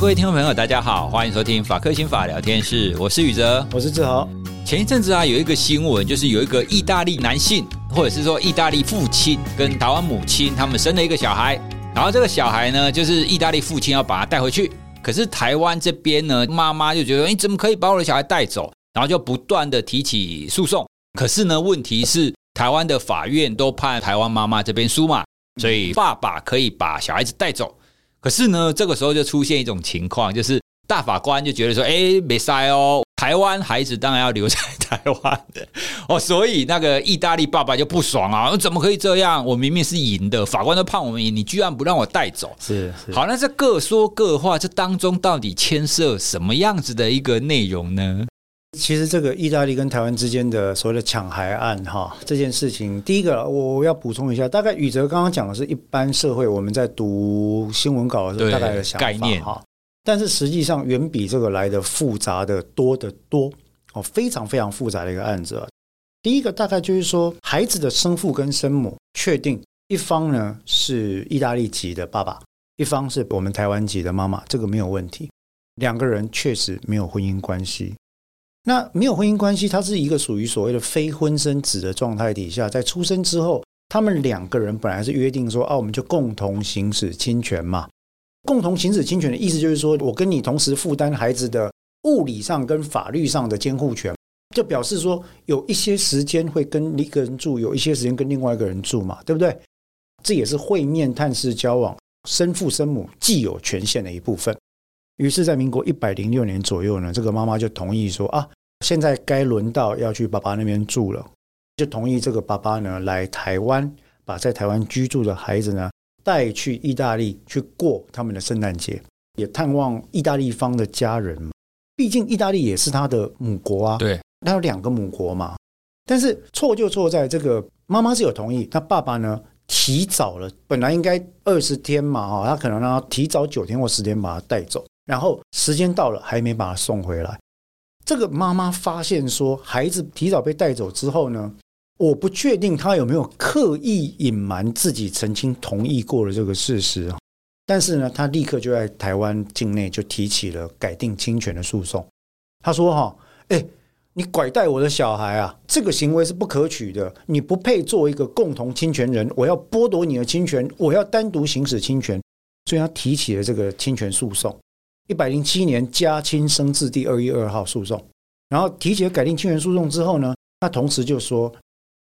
各位聽眾朋友，大家好，歡迎收聽法客心法聊天室，我是宇哲，我是志豪。前一陣子啊，有一個新聞，就是有一個意大利男性，或者是說意大利父親跟台灣母親，他們生了一個小孩，然後這個小孩呢，就是意大利父親要把他帶回去，可是台灣這邊呢，媽媽就覺得，誒、哎，怎麼可以把我的小孩帶走？然後就不斷的提起訴訟。可是呢，問題是台灣的法院都判台灣媽媽這邊輸嘛，所以爸爸可以把小孩子帶走。可是呢，這個時候就出現一種情況，就是大法官就覺得說：“哎、欸，沒事哦，台灣孩子當然要留在台灣的哦。”所以那個意大利爸爸就不爽啊，怎麼可以這樣？我明明是贏的，法官都判我們贏，你居然不讓我帶走？是，是。好，那這各說各話，這當中到底牽涉什麼樣子的一個內容呢？其實這個意大利跟台灣之間的所謂的搶孩案，哈，這件事情，第一個我我要補充一下，大概宇哲剛剛講的是一般社會我們在讀新聞稿的時候大概的想法，對，概念，哈，但是實際上遠比這個來的複雜的多得多哦，非常非常複雜的一個案子。第一個大概就是說，孩子的生父跟生母確定一方呢是意大利籍的爸爸，一方是我們台灣籍的媽媽，這個沒有問題，兩個人確實沒有婚姻關係。那沒有婚姻關係，他是一個屬於所謂的非婚生子的狀態底下，在出生之後，他們兩個人本來是約定說啊，我們就共同行使親權嘛。共同行使親權的意思就是說，我跟你同時負擔孩子的物理上跟法律上的監護權，就表示說有一些時間會跟一個人住，有一些時間跟另外一個人住嘛，對不對？這也是會面、探視、交往，生父生母既有權限的一部分。於是，在民國一百零六年左右呢，這個媽媽就同意說：“啊，現在該輪到要去爸爸那邊住了。”就同意這個爸爸呢來台灣，把在台灣居住的孩子呢帶去意大利去過他們的聖誕節，也探望意大利方的家人嘛。畢竟意大利也是他的母國啊。對，他有兩個母國嘛。但是錯就錯在這個媽媽是有同意，他爸爸呢提早了，本來應該二十天嘛，哈，他可能讓他提早九天或十天把他帶走。然後時間到了，還沒把他送回來。這個媽媽發現說，孩子提早被帶走之後呢，我不確定他有沒有刻意隱瞞自己曾經同意過的這個事實。但是呢，他立刻就在台灣境內就提起了改定親權的訴訟。他說：“哈，哎，你拐帶我的小孩啊，這個行為是不可取的，你不配做一個共同親權人，我要剝奪你的親權，我要單獨行使親權。”所以，他提起了這個親權訴訟。一百零七年家親聲字第二一二號訴訟，然後提起了改定親權訴訟之後呢，那同時就說，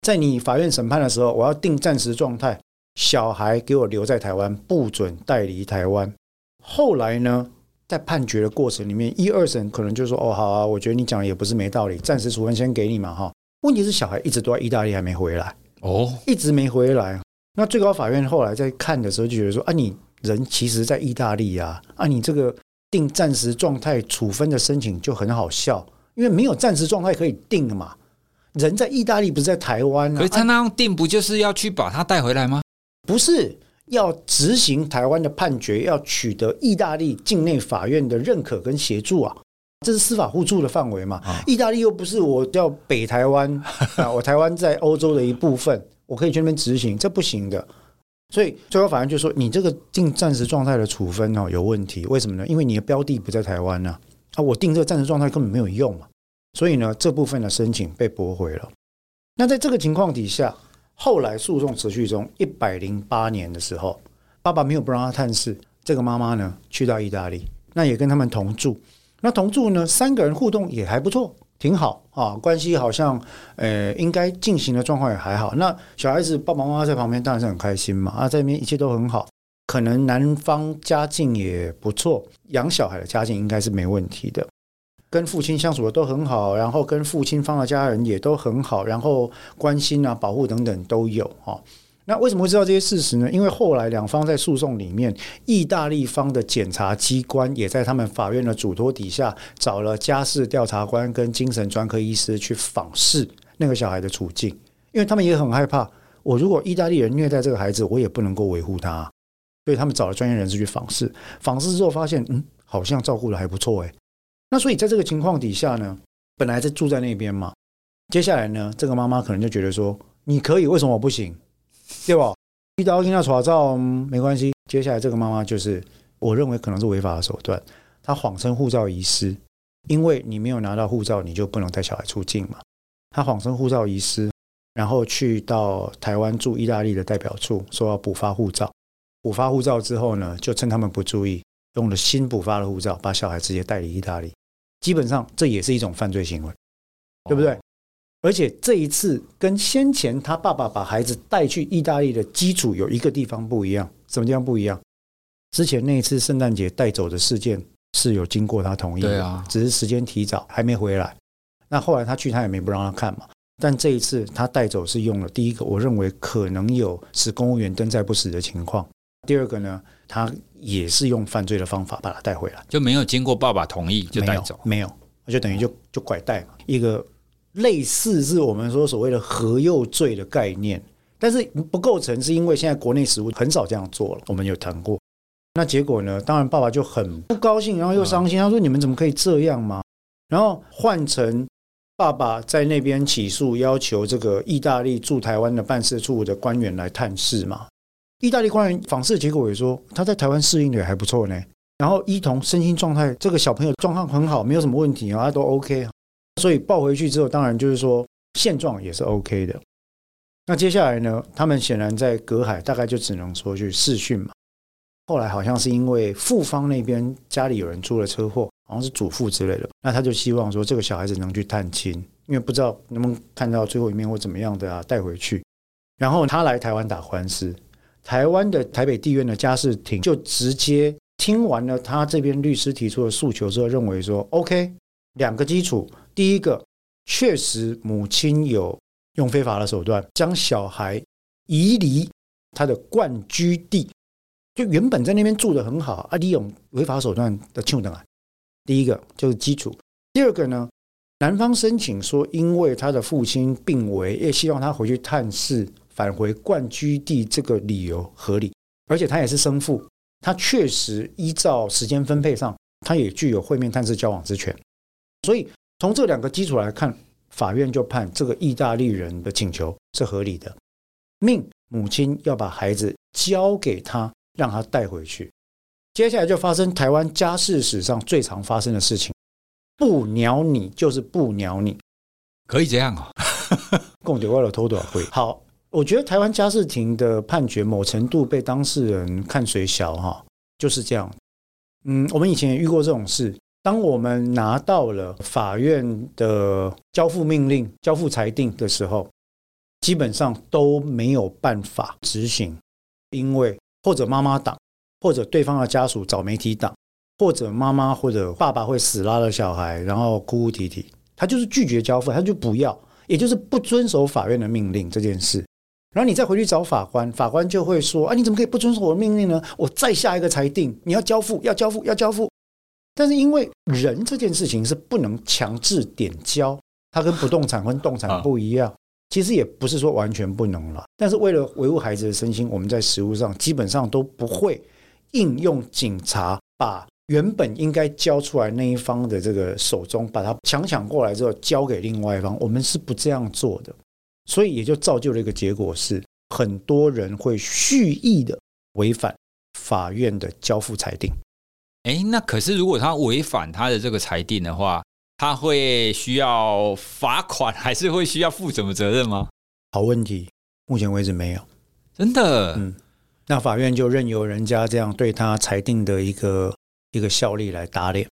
在你法院審判的時候，我要定暫時狀態，小孩給我留在台灣，不准帶離台灣。後來呢，在判決的過程裡面，一二審可能就說：“哦，好啊，我覺得你講的也不是沒道理，暫時處分先給你嘛。”哈，問題是小孩一直都在意大利，還沒回來哦，oh. 一直沒回來。那最高法院後來在看的時候就覺得說：“啊，你人其實在意大利呀，啊，啊，你這個。”定暫時狀態處分的申請就很好笑，因為沒有暫時狀態可以定的嘛。人在意大利不是在台灣，所以他那樣定不就是要去把他帶回來嗎？不是要執行台灣的判決，要取得意大利境內法院的認可跟協助啊，這是司法互助的範圍嘛。意大利又不是我叫北台灣、啊、我台灣在歐洲的一部分，我可以去那邊執行，這不行的。所以最後法院就說：“你這個定暫時狀態的處分哦，有問題，為什麼呢？因為你的標的不在台灣呢。啊，我定這個暫時狀態根本沒有用啊。所以呢，這部分的申請被駁回了。那在這個情況底下，後來訴訟持續中一百零八年的時候，爸爸沒有不讓他探視。這個媽媽呢，去到意大利，那也跟他們同住。那同住呢，三個人互動也還不錯。”挺好啊，關係好像，呃，應該進行的狀況也還好。那小孩子爸爸媽媽在旁邊，當然是很開心嘛。啊，在那邊一切都很好，可能男方家境也不錯，養小孩的家境應該是沒問題的。跟父親相處的都很好，然後跟父親方的家人也都很好，然後關心啊、保護等等都有啊。那為什麼會知道這些事實呢？因為後來兩方在訴訟裡面，意大利方的檢察機關也在他們法院的囑托底下，找了家事調查官跟精神專科醫師去訪視那個小孩的處境，因為他們也很害怕，我如果意大利人虐待這個孩子，我也不能夠維護他，所以他們找了專業人士去訪視。訪視之後發現，嗯，好像照顧得還不錯，誒，那所以在這個情況底下呢，本來是住在那邊嘛，接下來呢，這個媽媽可能就覺得說，你可以，為什麼我不行？對吧？遇到遇到查照沒關係。接下來這個媽媽就是，我認為可能是違法的手段。她謊稱護照遺失，因為你沒有拿到護照，你就不能帶小孩出境嘛。她謊稱護照遺失，然後去到台灣駐意大利的代表處說要補發護照。補發護照之後呢，就趁他們不注意，用了新補發的護照，把小孩直接帶離意大利。基本上這也是一種犯罪行為，哦、對不對？而且這一次跟先前他爸爸把孩子帶去意大利的基礎有一個地方不一樣，什麼地方不一樣？之前那一次聖誕節帶走的事件是有經過他同意的，只是時間提早還沒回來。那後來他去他也沒不讓他看嘛。但這一次他帶走是用了第一個，我認為可能有使公務員登載不實的情況。第二個呢，他也是用犯罪的方法把他帶回來，就沒有經過爸爸同意就帶走，沒有，就等於就就拐帶嘛，一個。類似是我們說所謂的和誘罪的概念，但是不構成，是因為現在國內實務很少這樣做了。我們有談過，那結果呢？當然爸爸就很不高興，然後又傷心。嗯、他說：“你們怎麼可以這樣嘛？”然後換成爸爸在那邊起訴，要求這個意大利駐台灣的辦事處的官員來探視嘛。意大利官員訪視的結果也說，他在台灣適應的也還不錯呢。然後一童身心狀態，這個小朋友狀況很好，沒有什麼問題啊，他都 OK。所以抱回去之後，當然就是說現狀也是 OK 的。那接下來呢，他們顯然在隔海，大概就只能說去視訊嘛。後來好像是因為父方那邊家裡有人出了車禍，好像是祖父之類的，那他就希望說這個小孩子能去探親，因為不知道能不能看到最後一面或怎麼樣的啊，帶回去。然後他來台灣打官司，台灣的台北地院的家事庭就直接聽完了他這邊律師提出的訴求之後，認為說 OK，兩個基礎。第一個，確實母親有用非法的手段將小孩移離他的慣居地，就原本在那邊住得很好啊，利用違法手段的手段啊。第一個就是基礎。第二個呢，男方申請說，因為他的父親病危，也希望他回去探視，返回慣居地這個理由合理，而且他也是生父，他確實依照時間分配上，他也具有會面探視交往之權，所以從這兩個基礎來看，法院就判這個意大利人的請求是合理的，命母親要把孩子交給他，讓他帶回去。接下來就發生台灣家事史上最常發生的事情：不鳥你就是不鳥你，可以這樣啊、哦？共點了偷多少。好，我覺得台灣家事庭的判決某程度被當事人看水小。哈，就是這樣。嗯，我們以前也遇過這種事。當我們拿到了法院的交付命令，交付裁定的時候，基本上都沒有辦法執行，因為或者媽媽擋，或者對方的家屬找媒體擋，或者媽媽或者爸爸會死拉着小孩，然後哭哭啼啼，他就是拒絕交付，他就不要，也就是不遵守法院的命令這件事。然後你再回去找法官，法官就會說，啊，你怎麼可以不遵守我的命令呢？我再下一個裁定，你要交付，要交付，要交付。但是，因為人這件事情是不能強制點交，它跟不動產跟動產不一樣。其實也不是說完全不能了，但是為了維護孩子的身心，我們在實務上基本上都不會應用警察把原本應該交出來那一方的這個手中把它強搶過來之後交給另外一方，我們是不這樣做的。所以也就造就了一個結果是，很多人會蓄意的違反法院的交付裁定。哎，那可是如果他違反他的這個裁定的話，他會需要罰款，還是會需要負什麼責任嗎？好問題，目前為止沒有，真的，嗯，那法院就任由人家這樣對他裁定的一個一個效力來打臉。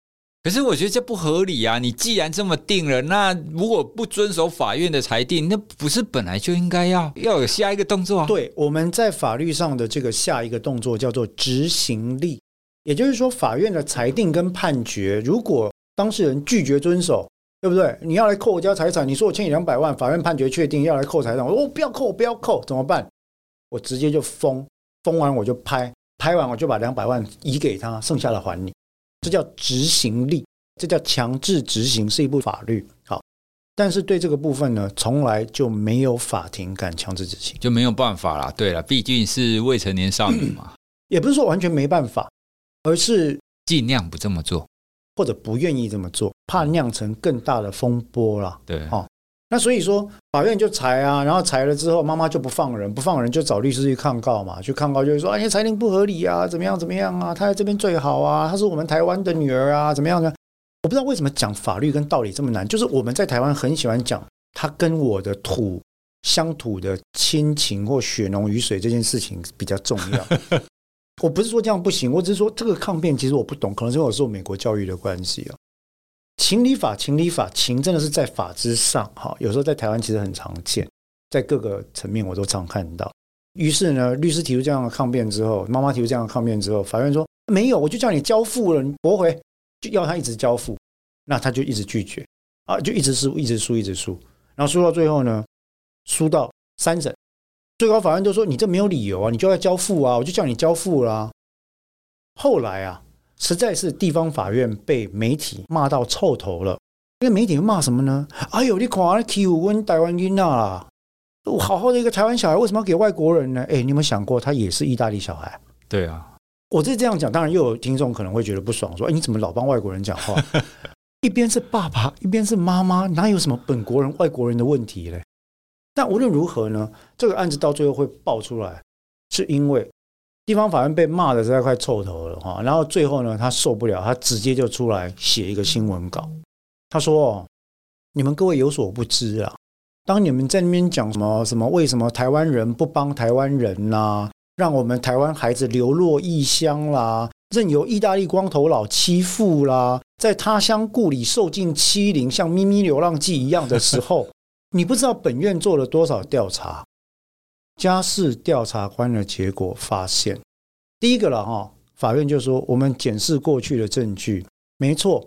可是我覺得這不合理啊！你既然這麼定了，那如果不遵守法院的裁定，那不是本來就應該要要有下一個動作啊？對，我們在法律上的這個下一個動作叫做執行力。也就是說，法院的裁定跟判決，如果當事人拒絕遵守，對不對？你要來扣我家財產，你說我欠你兩百萬，法院判決確定要來扣財產，我說我不要扣，我不要扣，怎麼辦？我直接就封，封完我就拍，拍完我就把兩百萬移給他，剩下的還你。這叫執行力，這叫強制執行，是一部法律。好，但是對這個部分呢，從來就沒有法庭敢強制執行，就沒有辦法啦。對了，畢竟是未成年少女嘛、嗯，也不是說完全沒辦法。而是盡量不這麼做，或者不願意這麼做，怕釀成更大的風波了。對，哦，那所以說法院就裁啊，然後裁了之後，媽媽就不放人，不放人就找律師去抗告嘛，去抗告就是說，哎呀，裁定不合理啊，怎麼樣怎麼樣啊，她在這邊最好啊，她是我們台灣的女兒啊，怎麼樣呢？我不知道為什麼講法律跟道理這麼難，就是我們在台灣很喜歡講他跟我的土鄉土的親情或血濃於水這件事情比較重要。 我不是說這樣不行，我只是說這個抗辯其實我不懂，可能是因為我受美國教育的關係啊。情理法，情理法，情真的是在法之上哈。有時候在台灣其實很常見，在各個層面我都常看到。於是呢，律師提出這樣的抗辯之後，媽媽提出這樣的抗辯之後，法院說沒有，我就叫你交付了，你駁回，就要他一直交付，那他就一直拒絕啊，就一直輸，一直輸，一直輸，然後輸到最後呢，輸到三審。最高法院都說你這沒有理由啊，你就要交付啊，我就叫你交付啦，啊。後來啊，實在是地方法院被媒體罵到臭頭了。那媒體又罵什麼呢？哎呦，你看啊，台灣囡仔啦。我好好的一個台灣小孩，為什麼要給外國人呢？哎，欸，你有沒有想過他也是意大利小孩？對啊，我這這樣講，當然又有聽眾可能會覺得不爽，說哎，欸，你怎麼老幫外國人講話？ 一邊是爸爸，一邊是媽媽，哪有什麼本國人、外國人的問題嘞？那無論如何呢，這個案子到最後會爆出來，是因為地方法院被罵的實在快臭頭了哈。然後最後呢，他受不了，他直接就出來寫一個新聞稿。他說：“你們各位有所不知啊，當你們在那邊講什麼什麼為什麼台灣人不幫台灣人吶、啊，讓我們台灣孩子流落異鄉啦，任由意大利光頭佬欺負啦，在他鄉故里受盡欺凌，像咪咪流浪記一樣的時候。” 你不知道本院做了多少調查，家事調查官的結果發現，第一個了哈，法院就說我們檢視過去的證據，沒錯，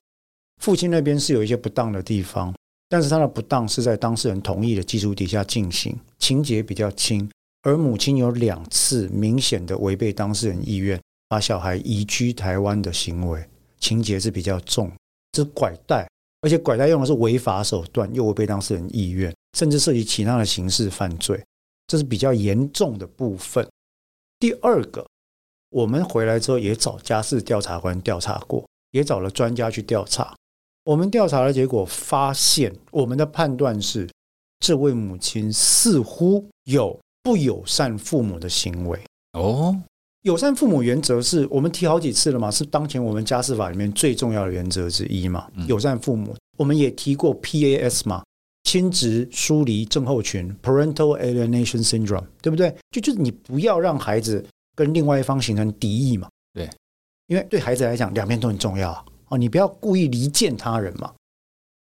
父親那邊是有一些不當的地方，但是他的不當是在當事人同意的基礎底下進行，情節比較輕；而母親有兩次明顯的違背當事人意願，把小孩移居台灣的行為，情節是比較重，這拐帶。而且拐帶用的是違法手段，又違背當事人意願，甚至涉及其他的刑事犯罪，這是比較嚴重的部分。第二個，我們回來之後也找家事調查官調查過，也找了專家去調查。我們調查的結果發現，我們的判斷是，這位母親似乎有不友善父母的行為。哦。友善父母原則是我們提好幾次了嘛？是當前我們家事法裡面最重要的原則之一嘛？嗯、友善父母，我們也提過 PAS 嘛，親職疏離症候群 （Parental Alienation Syndrome），對不對？就就是你不要讓孩子跟另外一方形成敵意嘛。對，因為對孩子來講，兩邊都很重要哦。你不要故意離間他人嘛。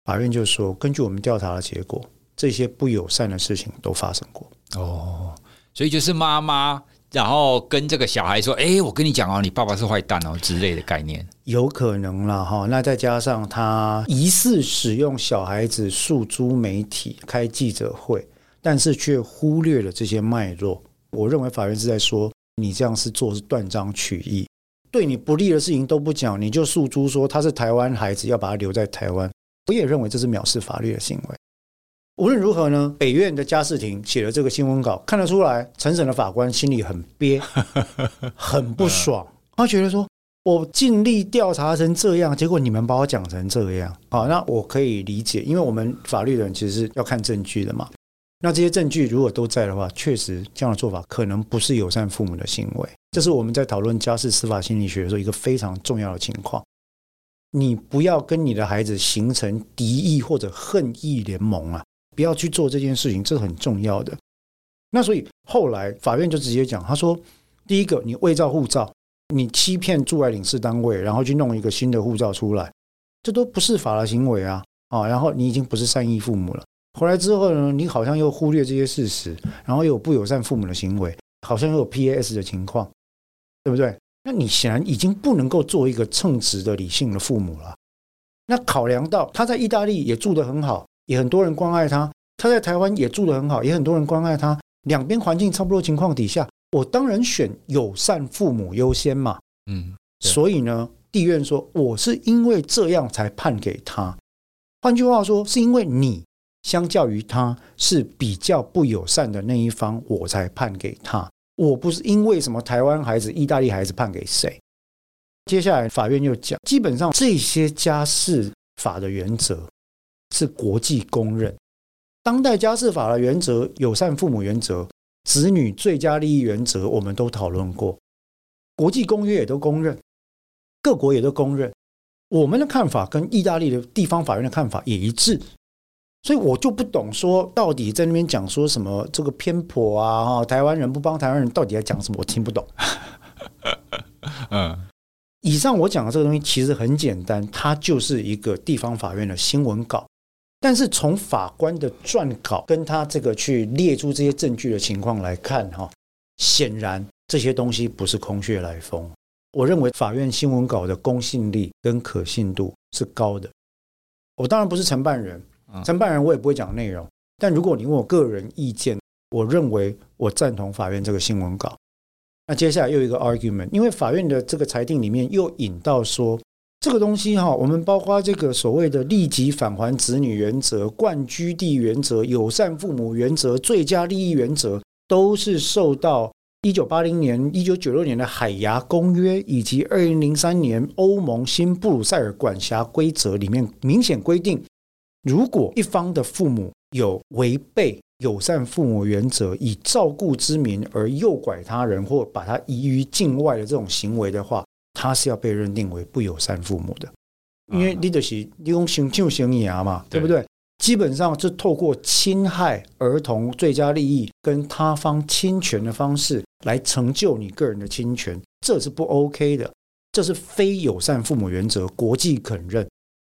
法院就說，根據我們調查的結果，這些不友善的事情都發生過哦。所以就是媽媽。然後跟這個小孩說：“哎、欸，我跟你講哦，你爸爸是壞蛋哦，之類的概念，有可能啦哈。那再加上他疑似使用小孩子訴諸媒體開記者會，但是卻忽略了這些脈絡。我認為法院是在說，你這樣是做是斷章取義，對你不利的事情都不講，你就訴諸說他是台灣孩子，要把他留在台灣。我也認為這是藐視法律的行為。”無論如何呢，北院的家事庭寫了這個新聞稿，看得出來，承審的法官心裡很憋，很不爽。他覺得說，我盡力調查成這樣，結果你們把我講成這樣。好，那我可以理解，因為我們法律人其實是要看證據的嘛。那這些證據如果都在的話，確實這樣的做法可能不是友善父母的行為。這、就是我們在討論家事司法心理學的時候一個非常重要的情況。你不要跟你的孩子形成敵意或者恨意聯盟啊！不要去做這件事情，這是很重要的。那所以後來法院就直接講，他說：“第一個，你偽造護照，你欺騙駐外領事單位，然後去弄一個新的護照出來，這都不是法的行為啊！啊、哦，然後你已經不是善意父母了。回來之後呢，你好像又忽略這些事實，然後又有不友善父母的行為，好像又有 PAS 的情況，對不對？那你顯然已經不能夠做一個稱職的理性的父母了。那考量到他在意大利也住得很好。”也很多人關愛他，他在台灣也住得很好，也很多人關愛他。兩邊環境差不多，情況底下，我當然選友善父母優先嘛。嗯，所以呢，地院說我是因為這樣才判給他。換句話說，是因為你相較於他是比較不友善的那一方，我才判給他。我不是因為什麼台灣孩子、意大利孩子判給誰。接下來法院又講，基本上這些家事法的原則，是國際公認，當代家事法的原則、友善父母原則、子女最佳利益原則，我們都討論過，國際公約也都公認，各國也都公認。我們的看法跟意大利的地方法院的看法也一致，所以我就不懂說到底在那邊講說什麼這個偏頗啊！哈，台灣人不幫台灣人，到底在講什麼？我聽不懂。 嗯，以上我講的這個東西其實很簡單，它就是一個地方法院的新聞稿。但是從法官的撰稿跟他這個去列出這些證據的情況來看，哈，顯然這些東西不是空穴來風。我認為法院新聞稿的公信力跟可信度是高的。我當然不是承辦人，承辦人我也不會講內容。但如果你問我個人意見，我認為我贊同法院這個新聞稿。那接下來又一個 argument，因為法院的這個裁定裡面又引到說，這個東西哈，我們包括這個所謂的立即返還子女原則、慣居地原則、友善父母原則、最佳利益原則，都是受到一九八零年、一九九六年的海牙公約，以及二零零三年歐盟新布魯塞爾管轄規則裡面明顯規定：如果一方的父母有違背友善父母原則，以照顧之名而誘拐他人或把他移於境外的這種行為的話。他是要被認定為不友善父母的，因為你的、就是用行就行啊嘛，對不對？對基本上是透過侵害兒童最佳利益跟他方侵權的方式來成就你個人的侵權，這是不 OK 的，這是非友善父母原則國際肯認。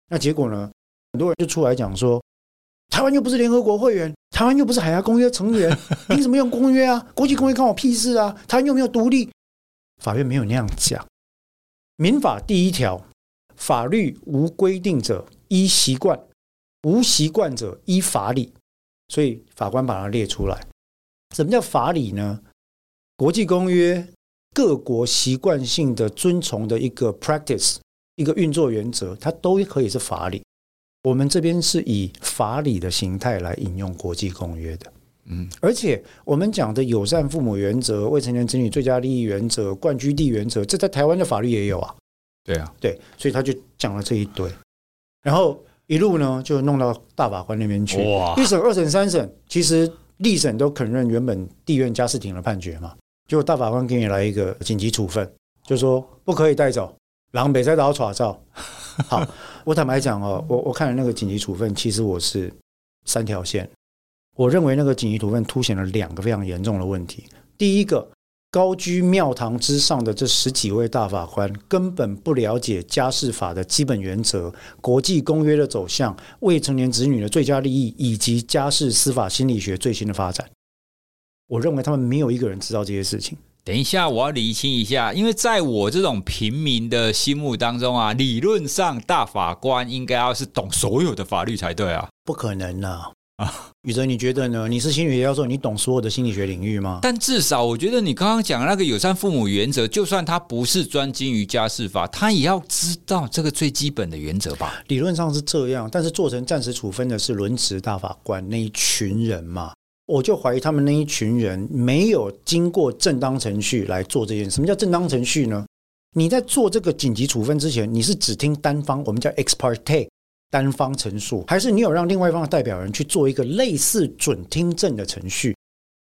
那結果呢？很多人就出來講說，台灣又不是聯合國會員，台灣又不是《海牙公約》成員，憑什 麼用公約啊？國際公約關我屁事啊？台灣又沒有獨立？ 法院沒有那樣講。民法第一條，法律無規定者依習慣，無習慣者依法理。所以法官把它列出來。什麼叫法理呢？國際公約各國習慣性的遵從的一個 practice，一個運作原則，它都可以是法理。我們這邊是以法理的形態來引用國際公約的。嗯，而且我們講的友善父母原則、未成年子女最佳利益原則、慣居地原則，這在台灣的法律也有啊。對啊，對，所以他就講了這一堆，然後一路呢就弄到大法官那邊去。哇！一審、二審、三審，其實歷審都肯認原本地院家事庭的判決嘛，就大法官給你來一個緊急處分，就說不可以帶走，狼狽在打耍照。好，我坦白講哦，我我看了那個緊急處分，其實我是三條線。我認為那個緊急處分凸顯了兩個非常嚴重的問題。第一個，高居廟堂之上的這十幾位大法官根本不了解家事法的基本原則、國際公約的走向、未成年子女的最佳利益，以及家事司法心理學最新的發展。我認為他們沒有一個人知道這些事情。等一下，我要理清一下，因為在我這種平民的心目當中啊，理論上大法官應該要是懂所有的法律才對啊，不可能啊。宇哲，你覺得呢？你是心理學教授，你懂所有的心理學領域嗎？但至少我覺得，你剛剛講那個友善父母原則，就算他不是專精於家事法，他也要知道這個最基本的原則吧？理論上是這樣，但是做成暫時處分的是輪值大法官那一群人嘛，我就懷疑他們那一群人沒有經過正當程序來做這件事。什麼叫正當程序呢？你在做這個緊急處分之前，你是只聽單方，我們叫 ex parte 單方陳述，還是你有讓另外一方的代表人去做一個類似準聽證的程序？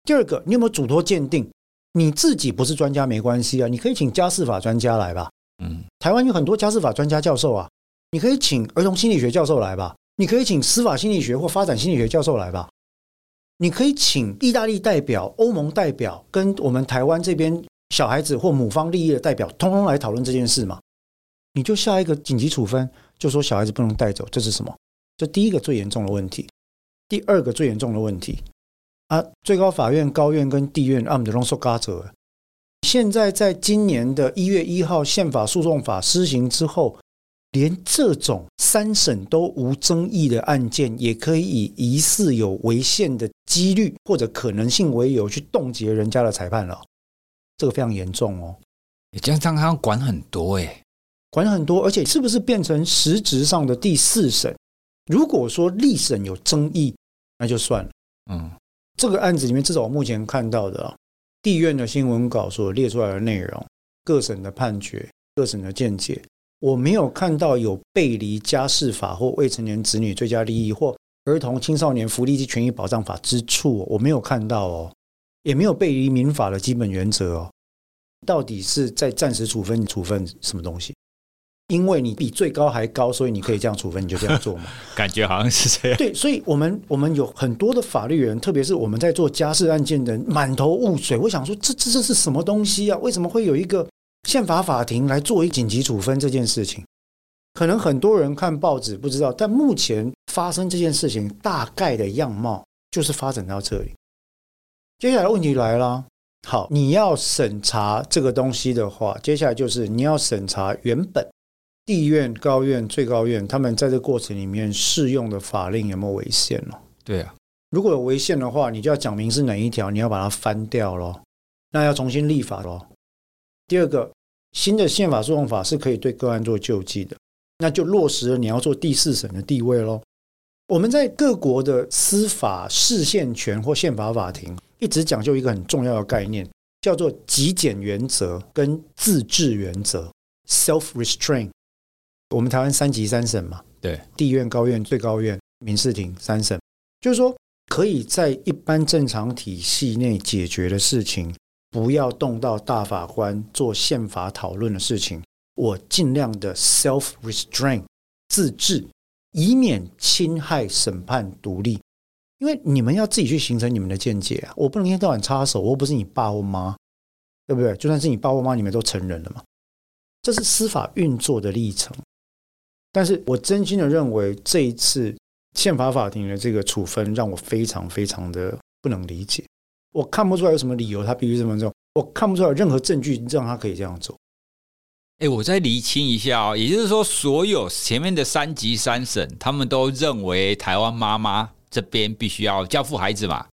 第二個，你有沒有囑託鑑定？你自己不是專家沒關係啊，你可以請家事法專家來吧。嗯，台灣有很多家事法專家教授啊，你可以請兒童心理學教授來吧，你可以請司法心理學或發展心理學教授來吧，你可以請意大利代表、歐盟代表跟我們台灣這邊小孩子或母方利益的代表，通通來討論這件事嘛，你就下一個緊急處分。就說小孩子不能帶走，這是什麼？這第一個最嚴重的問題，第二個最嚴重的問題啊！最高法院、高院跟地院，Am the l o 現在在今年的一月一號憲法訴訟法施行之後，連這種三審都無爭議的案件，也可以以疑似有違憲的幾率或者可能性為由去凍結人家的裁判了，這個非常嚴重哦！江章康管很多哎、欸。管很多，而且是不是變成實質上的第四審？如果說歷審有爭議，那就算了。嗯，這個案子裡面，至少我目前看到的，地院的新聞稿所列出來的內容，各審的判決，各審的見解，我沒有看到有背離家事法或未成年子女最佳利益或兒童青少年福利及權益保障法之處。我沒有看到哦，也沒有背離民法的基本原則哦。到底是在暫時處分處分什麼東西？因為你比最高還高，所以你可以這樣處分，你就這樣做嘛。 感覺好像是這樣。對，所以我們我們有很多的法律人，特別是我們在做家事案件的，滿頭霧水。我想說這，這這這是什麼東西啊？為什麼會有一個憲法法庭來做一緊急處分這件事情？可能很多人看報紙不知道，但目前發生這件事情大概的樣貌就是發展到這裡。接下來的問題來了，好，你要審查這個東西的話，接下來就是你要審查原本。地院、高院、最高院，他們在這個過程裡面適用的法令有沒有違憲啊？對啊，如果有違憲的話，你就要講明是哪一條，你要把它翻掉咯，那要重新立法咯。第二個，新的憲法訴訟法是可以對個案做救濟的，那就落實了你要做第四審的地位咯。我們在各國的司法釋憲權或憲法法庭，一直講究一個很重要的概念，叫做極簡原則跟自治原則 （self-restraint）。Self 我們台灣三級三審嘛，對，地院、高院、最高院、民事庭三審，就是說可以在一般正常體系內解決的事情，不要動到大法官做憲法討論的事情。我盡量的 self restraint 自治，以免侵害審判獨立。因為你們要自己去形成你們的見解啊，我不能一天到晚插手，我不是你爸或媽，對不對？就算是你爸或媽，你們都成人了嘛，這是司法運作的歷程。但是我真心的認為，這一次憲法法庭的這個處分讓我非常非常的不能理解。我看不出來有什麼理由，他必須這麼做。我看不出來有任何證據讓他可以這樣做。哎、欸，我再釐清一下哦，也就是說，所有前面的三級三審，他們都認為台灣媽媽這邊必須要交付孩子嘛。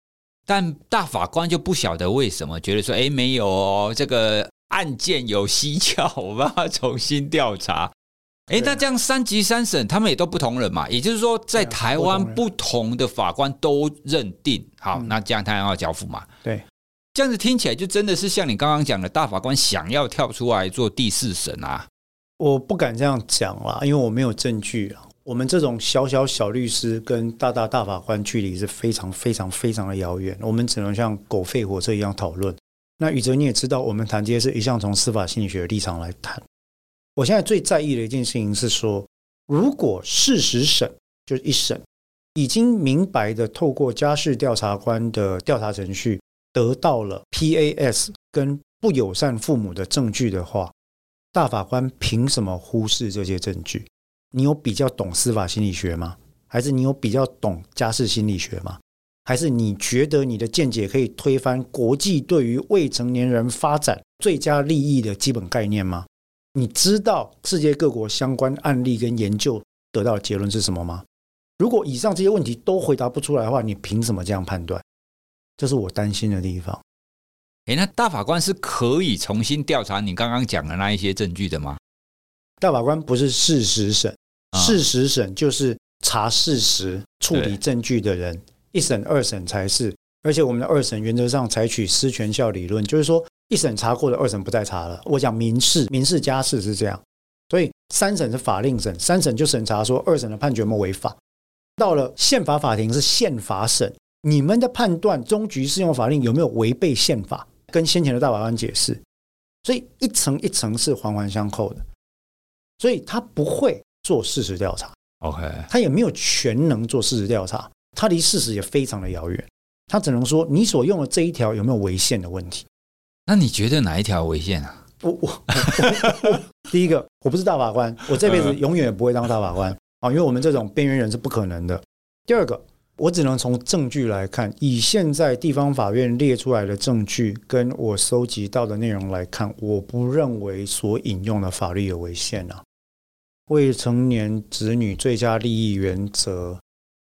但大法官就不曉得為什麼，覺得說，哎、欸，沒有哦，這個案件有蹊蹺，我把它重新調查。哎、欸，那這樣三級三審，他們也都不同人嘛，也就是說，在台灣不同的法官都認定，好，那這樣他要交付嘛？對，這樣子聽起來就真的是像你剛剛講的，大法官想要跳出來做第四審啊？我不敢這樣講啦，因為我沒有證據。我們這種小小小律師跟大大大法官距離是非常非常非常的遙遠，我們只能像狗吠火車一樣討論。那宇哲，你也知道，我們談這些事一向從司法心理學的立場來談。我現在最在意的一件事情是說，如果事實審就是一審已經明白的，透過家事調查官的調查程序得到了 PAS 跟不友善父母的證據的話，大法官憑什麼忽視這些證據？你有比較懂司法心理學嗎？還是你有比較懂家事心理學嗎？還是你覺得你的見解可以推翻國際對於未成年人發展最佳利益的基本概念嗎？你知道世界各國相關案例跟研究得到的結論是什麼嗎？如果以上這些問題都回答不出來的話，你憑什麼這樣判斷？這是我擔心的地方。誒，那大法官是可以重新調查你剛剛講的那一些證據的嗎？大法官不是事實審，嗯、事實審就是查事實、處理證據的人，對一審、二審才是。而且我們的二審原則上採取私權效理論，就是說。一審查過的，二審不再查了。我講民事、民事家事是這樣，所以三審是法令審，三審就審查說二審的判決有沒有違法。到了憲法法庭是憲法審，你們的判斷終局適用法令有沒有違背憲法，跟先前的大法官解釋，所以一層一層是環環相扣的，所以他不會做事實調查。OK，他也沒有權能做事實調查，他離事實也非常的遙遠，他只能說你所用的這一條有沒有違憲的問題。那你覺得哪一條違憲啊？我我，我，第一個，我不是大法官，我這輩子永遠不會當大法官啊，因為我們這種邊緣人是不可能的。第二個，我只能從證據來看，以現在地方法院列出來的證據跟我收集到的內容來看，我不認為所引用的法律有違憲啊。未成年子女最佳利益原則。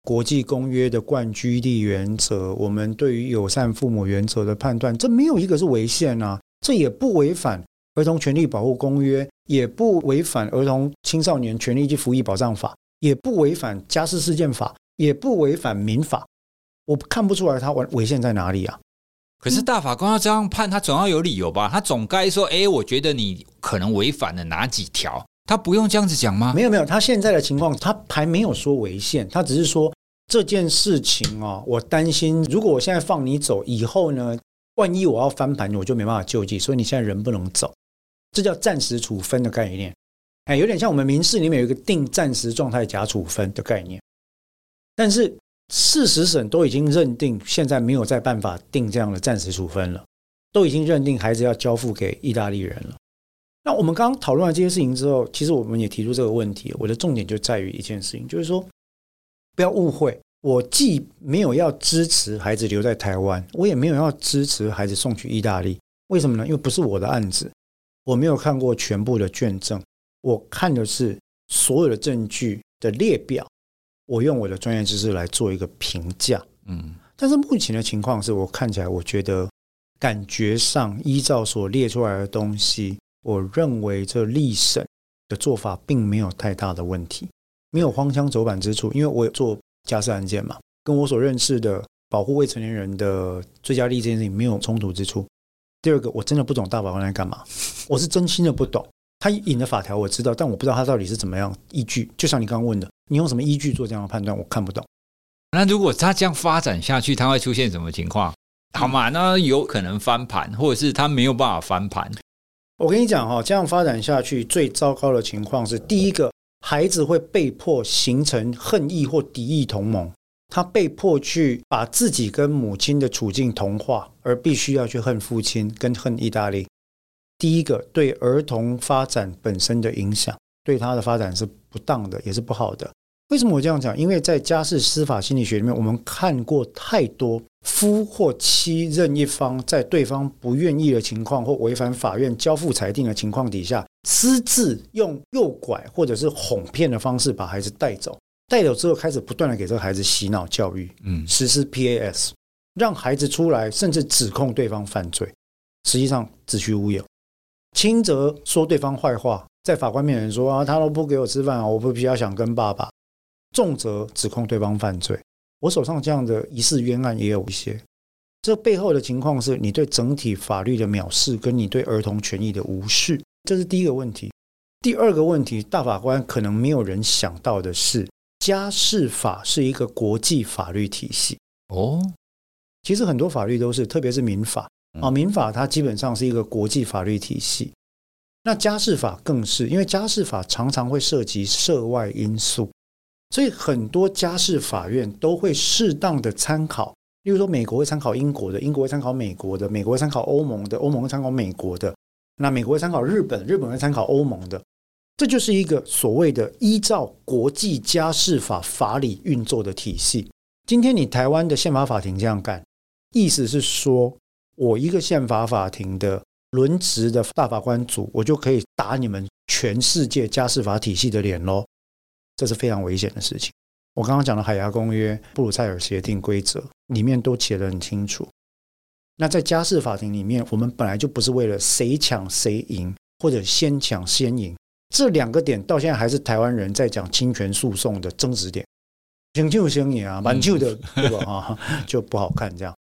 國際公約的慣居地原則，我們對於友善父母原則的判斷，這沒有一個是違憲啊，這也不違反兒童權利保護公約，也不違反兒童青少年權利及福利保障法，也不違反家事事件法，也不違反民法，我看不出來他違違憲在哪裡啊？可是大法官要這樣判，他總要有理由吧？他總該說，哎，我覺得你可能違反了哪幾條？他不用這樣子講嗎？沒有沒有，他現在的情況，他還沒有說違憲，他只是說這件事情哦，我擔心，如果我現在放你走以後呢，萬一我要翻盤，我就沒辦法救濟，所以你現在人不能走，這叫暫時處分的概念，哎，有點像我們民事裡面有一個定暫時狀態假處分的概念，但是事實審都已經認定，現在沒有再辦法定這樣的暫時處分了，都已經認定孩子要交付給意大利人了。那我們剛剛討論完這些事情之後，其實我們也提出這個問題。我的重點就在於一件事情，就是說不要誤會，我既沒有要支持孩子留在台灣，我也沒有要支持孩子送去意大利。為什麼呢？因為不是我的案子，我沒有看過全部的卷證，我看的是所有的證據的列表，我用我的專業知識來做一個評價。嗯，但是目前的情況是我看起來，我覺得感覺上依照所列出來的東西，我認為這立審的做法並沒有太大的問題，沒有荒腔走板之處。因為我有做家事案件嘛，跟我所認識的保護未成年人的最佳利益這件事情沒有衝突之處。第二個，我真的不懂大法官在幹嘛，我是真心的不懂。他引的法條我知道，但我不知道他到底是怎麼樣依據。就像你剛剛問的，你用什麼依據做這樣的判斷？我看不懂。那如果他這樣發展下去，他會出現什麼情況？好嘛，那有可能翻盤，或者是他沒有辦法翻盤。我跟你講哈，這樣發展下去，最糟糕的情況是：第一個，孩子會被迫形成恨意或敵意同盟，他被迫去把自己跟母親的處境同化，而必須要去恨父親跟恨意大利。第一個對兒童發展本身的影響，對他的發展是不當的，也是不好的。為什麼我這樣講？因為在家事司法心理學裡面，我們看過太多夫或妻任一方在對方不願意的情況或違反法院交付裁定的情況底下，私自用誘拐或者是哄騙的方式把孩子帶走，帶走之後開始不斷的給這個孩子洗腦教育，嗯，實施 PAS，讓孩子出來，甚至指控對方犯罪，實際上子虛烏有，輕則說對方壞話，在法官面前說啊，他都不給我吃飯，我不比較想跟爸爸。重則指控對方犯罪，我手上這樣的疑似冤案也有一些。這背後的情況是你對整體法律的藐視，跟你對兒童權益的無視，這是第一個問題。第二個問題，大法官可能沒有人想到的是，家事法是一個國際法律體系哦。其實很多法律都是，特別是民法啊，民法它基本上是一個國際法律體系。那家事法更是，因為家事法常常會涉及涉外因素。所以，很多家事法院都會適當的參考，例如說美國會參考英國的，英國會參考美國的，美國會參考歐盟的，歐盟會參考美國的，那美國會參考日本，日本會參考歐盟的，這就是一個所謂的依照國際家事法法理運作的體系。今天你台灣的憲法法庭這樣幹，意思是說我一個憲法法庭的輪值的大法官組，我就可以打你們全世界家事法體系的臉嘍。這是非常危險的事情。我剛剛講的《海牙公約》、布魯塞爾協定規則裡面都寫得很清楚。那在家事法庭裡面，我們本來就不是為了誰搶誰贏，或者先搶先贏這兩個點，到現在還是台灣人在講親權訴訟的爭執點。拯救、嗯、生意啊，挽救的、嗯、對吧？啊， 就不好看這樣。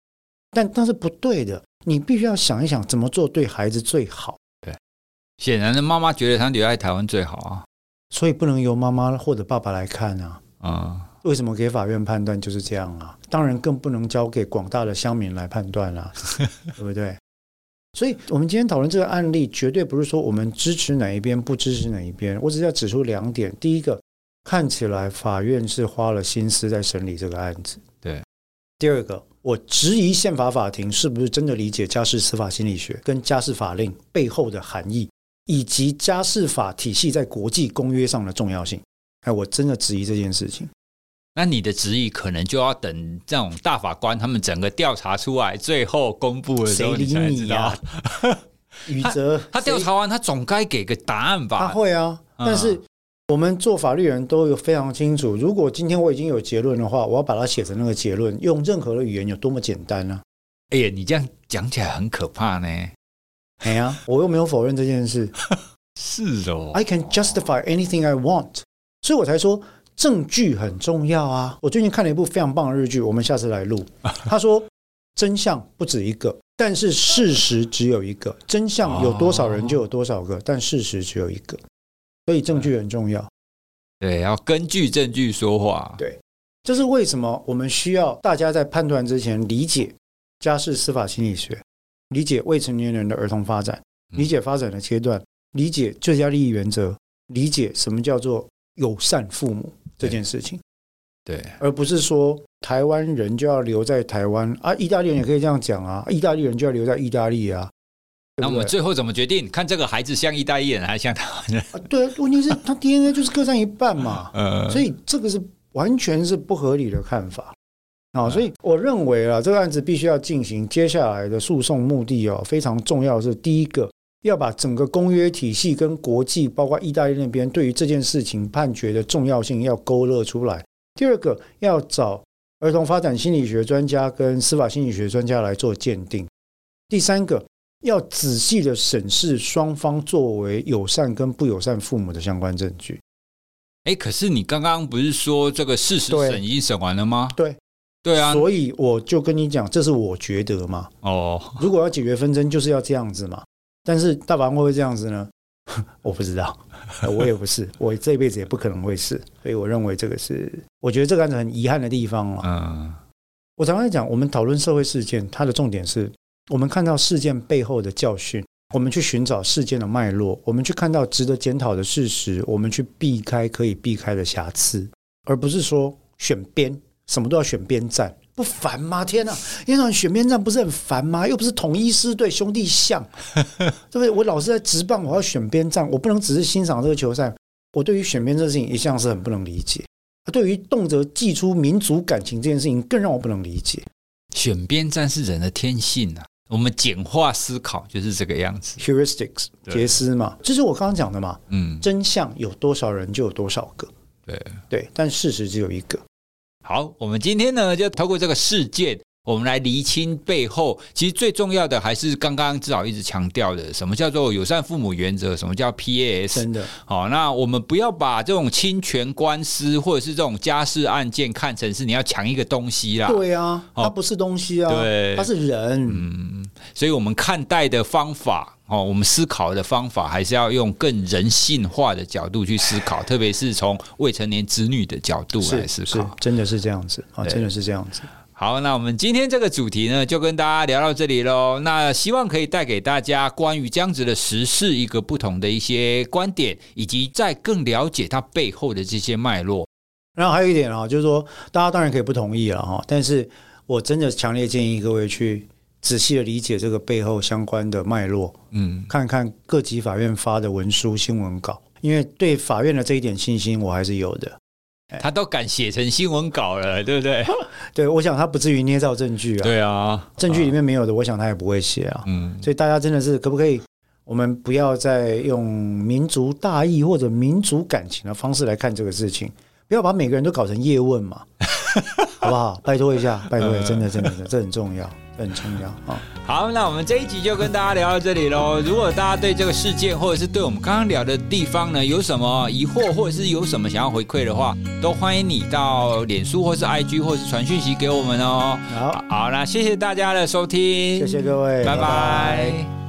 但但是不對的，你必須要想一想怎麼做對孩子最好。對，顯然的，媽媽覺得她留在台灣最好啊。所以不能由媽媽或者爸爸來看啊！啊，為什麼給法院判斷就是這樣啊？當然更不能交給廣大的鄉民來判斷啦，對不對？所以我們今天討論這個案例，絕對不是說我們支持哪一邊，不支持哪一邊。我只要指出兩點：第一個，看起來法院是花了心思在審理這個案子；對，第二個，我質疑憲法法庭是不是真的理解家事司法心理學跟家事法令背後的含義。以及家事法體系在國際公約上的重要性，哎，我真的質疑這件事情。那你的質疑可能就要等這種大法官他們整個調查出來，最後公布的時候，你才知道。啊、 宇哲他調查完，他總該給個答案吧、嗯？他會啊，但是我們做法律人都有非常清楚，如果今天我已經有結論的話，我要把它寫成那個結論，用任何的語言有多麼簡單呢？哎呀，你這樣講起來很可怕呢。哎呀，我又沒有否認這件事， 是哦。I can justify anything I want，所以我才說證據很重要啊。我最近看了一部非常棒的日劇，我們下次來錄。他說 真相不止一個，但是事實只有一個。真相有多少人就有多少個，但事實只有一個，所以證據很重要。對，要根據證據說話。對，這是為什麼我們需要大家在判斷之前理解家事司法心理學。理解未成年人的兒童發展，理解發展的階段，理解最佳利益原則，理解什麼叫做友善父母這件事情。對，對，而不是說台灣人就要留在台灣啊，意大利人也可以這樣講啊，嗯、啊、意大利人就要留在意大利啊。嗯、對對，那我們最後怎麼決定？看這個孩子像意大利人還是像台灣人？啊、對、啊，問題是他 DNA 就是各占一半嘛， 嗯、所以這個是完全是不合理的看法。啊、哦，所以我認為啊，這個案子必須要進行接下來的訴訟目的哦，非常重要是第一個，要把整個公約體系跟國際，包括意大利那邊對於這件事情判決的重要性要勾勒出來。第二個，要找兒童發展心理學專家跟司法心理學專家來做鑑定。第三個，要仔細的審視雙方作為友善跟不友善父母的相關證據。欸，可是你剛剛不是說這個事實審已經審完了嗎？對。對對啊，所以我就跟你講，這是我覺得嘛。哦，oh. 如果要解決紛爭，就是要這樣子嘛。但是大法官會不會這樣子呢？我不知道，我也不是， 我這輩子也不可能會是。所以我認為這個是，我覺得這個案子很遺憾的地方嘛。嗯，我常常講，我們討論社會事件，它的重點是我們看到事件背後的教訓，我們去尋找事件的脈絡，我們去看到值得檢討的事實，我們去避開可以避開的瑕疵，而不是說選邊。什麼都要選邊站，不煩嗎？天哪、啊！因為那選邊站不是很煩嗎？又不是統一獅對兄弟象， 對不對？我老是在職棒，我要選邊站，我不能只是欣賞這個球賽。我對於選邊這件事情一向是很不能理解。對於動輒祭出民族感情這件事情，更讓我不能理解。選邊站是人的天性啊！我們簡化思考就是這個樣子，heuristics 捷對思嘛，就是我剛剛講的嘛。嗯，真相有多少人就有多少個，對對，但事實只有一個。好，我們今天呢，就透過這個事件，我們來厘清背後。其實最重要的還是剛剛致豪一直強調的，什麼叫做友善父母原則？什麼叫 PAS？真的。好，那我們不要把這種親權官司或者是這種家事案件看成是你要搶一個東西啦。對啊，它不是東西啊，它、哦、對、是人。嗯，所以我們看待的方法。哦，我們思考的方法還是要用更人性化的角度去思考，特別是從未成年子女的角度來思考，是真的是這樣子啊，真的是這樣子。對樣子好，那我們今天這個主題呢，就跟大家聊到這裡嘍。那希望可以帶給大家關於這樣子的時事一個不同的一些觀點，以及再更了解它背後的這些脈絡。然後還有一點啊、哦，就是說大家當然可以不同意了哈、哦，但是我真的強烈建議各位去。仔細的理解這個背後相關的脈絡，嗯，看看各級法院發的文書、新聞稿，因為對法院的這一點信心我還是有的。欸、他都敢寫成新聞稿了， 對不對？對，我想他不至於捏造證據啊。對啊，證據裡面沒有的，我想他也不會寫啊。嗯，所以大家真的是可不可以，我們不要再用民族大義或者民族感情的方式來看這個事情，不要把每個人都搞成葉問嘛， 好不好？拜託一下，拜託，真的，真的，這很重要。很重要、哦、好，那我們這一集就跟大家聊到這裡嘍。如果大家對這個事件，或者是對我們剛剛聊的地方呢，有什麼疑惑，或者是有什麼想要回饋的話，都歡迎你到臉書，或是 IG，或是傳訊息給我們哦。好，好，好了，那謝謝大家的收聽，謝謝各位，拜拜 bye。Bye bye